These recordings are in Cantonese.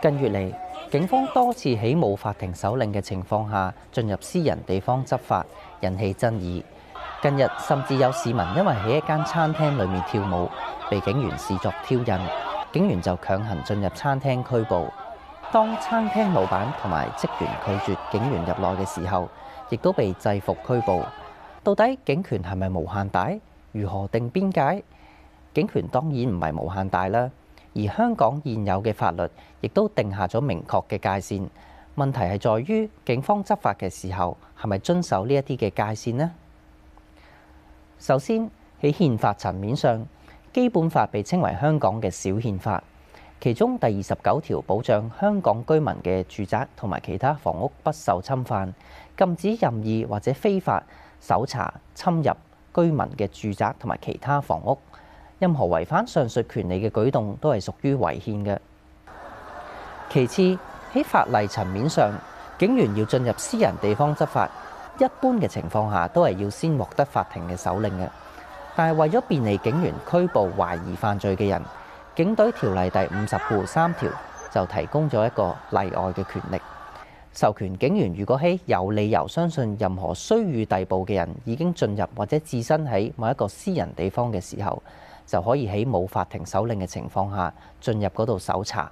近月嚟，警方多次喺冇法庭手令嘅情況下進入私人地方執法，引起爭議，近日甚至有市民因為喺一間餐廳裏面跳舞，被警員視作挑釁，警員就強行進入餐廳拘捕。當餐廳老闆同埋職員拒絕警員入內嘅時候，亦都被制服拘捕。到底警權係咪無限大？如何定邊界？警權當然唔係無限大啦。而香港現有嘅法律亦都定下咗明確嘅界線，問題係在於警方執法嘅時候係咪遵守呢一啲嘅界線呢？首先喺憲法層面上，《基本法》被稱為香港嘅小憲法，其中第二十九條保障香港居民嘅住宅同埋其他房屋不受侵犯，禁止任意或者非法搜查侵入居民嘅住宅同埋其他房屋。任何違反上述權利嘅舉動都係屬於違憲嘅。其次，喺法例層面上，警員要進入私人地方執法，一般嘅情況下都係要先獲得法庭嘅手令嘅。但係為咗便利警員拘捕懷疑犯罪嘅人，警隊條例第五十條三條就提供咗一個例外嘅權力，授權警員如果喺有理由相信任何須予逮捕嘅人已經進入或者置身喺某一個私人地方嘅時候，就可以喺冇法庭手令嘅情況下進入嗰度搜查。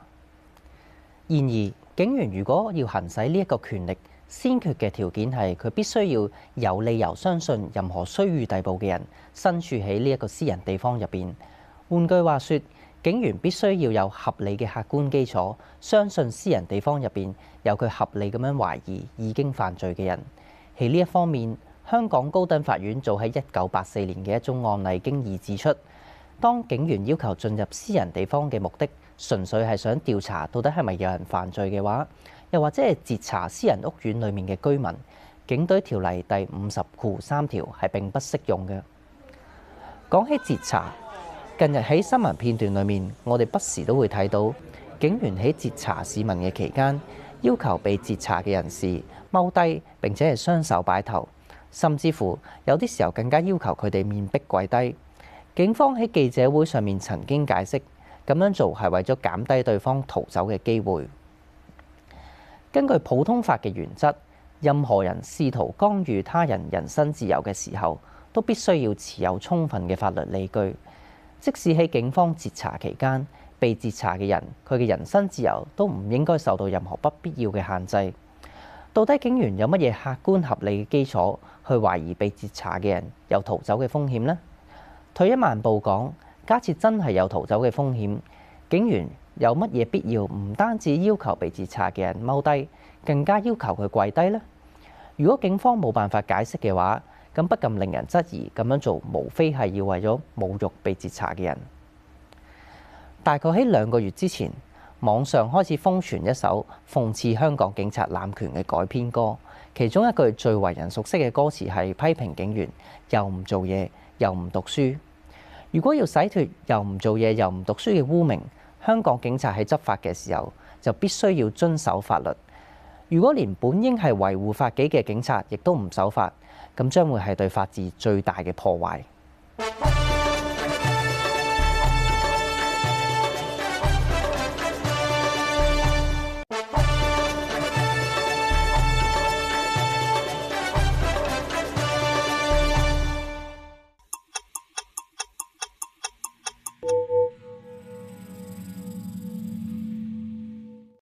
然而，警員如果要行使呢一個權力，先決嘅條件係佢必須要有理由相信任何需予逮捕嘅人身處喺呢一個私人地方入邊。換句話說，警員必須要有合理嘅客觀基礎，相信私人地方入邊有佢合理咁樣懷疑已經犯罪嘅人。喺呢一方面，香港高等法院早喺一九八四年嘅一宗案例經已指出。當警員要求進入私人地方嘅目的，純粹係想調查到底係咪有人犯罪嘅話，又或者係截查私人屋苑裏面嘅居民，警隊條例第五十條三條係並不適用嘅。講起截查，近日喺新聞片段裏面，我哋不時都會睇到警員喺截查市民嘅期間，要求被截查嘅人士踎低並且係雙手擺頭，甚至乎有啲時候更加要求佢哋面壁跪低。警方喺記者會上面曾經解釋，咁樣做係為咗減低對方逃走嘅機會。根據普通法嘅原則，任何人試圖干預他人人身自由嘅時候，都必須要持有充分嘅法律理據。即使喺警方截查期間，被截查嘅人，佢嘅人身自由都唔應該受到任何不必要嘅限制。到底警員有乜嘢客觀合理嘅基礎去懷疑被截查嘅人有逃走嘅風險呢？退一萬步講，假設真係有逃走嘅風險，警員有乜嘢必要唔單止要求被截查嘅人踎低，更加要求佢跪低呢？如果警方冇辦法解釋嘅話，咁不禁令人質疑，咁樣做無非係要為咗侮辱被截查嘅人。大概喺兩個月之前，網上開始瘋傳一首諷刺香港警察濫權嘅改編歌。其中一句最為人熟悉嘅歌詞係批評警員，又唔做嘢，又唔讀書。如果要洗脫又唔做嘢，又唔讀書嘅污名，香港警察喺執法嘅時候，就必須要遵守法律。如果連本應係維護法紀嘅警察亦都唔守法，咁將會係對法治最大嘅破壞。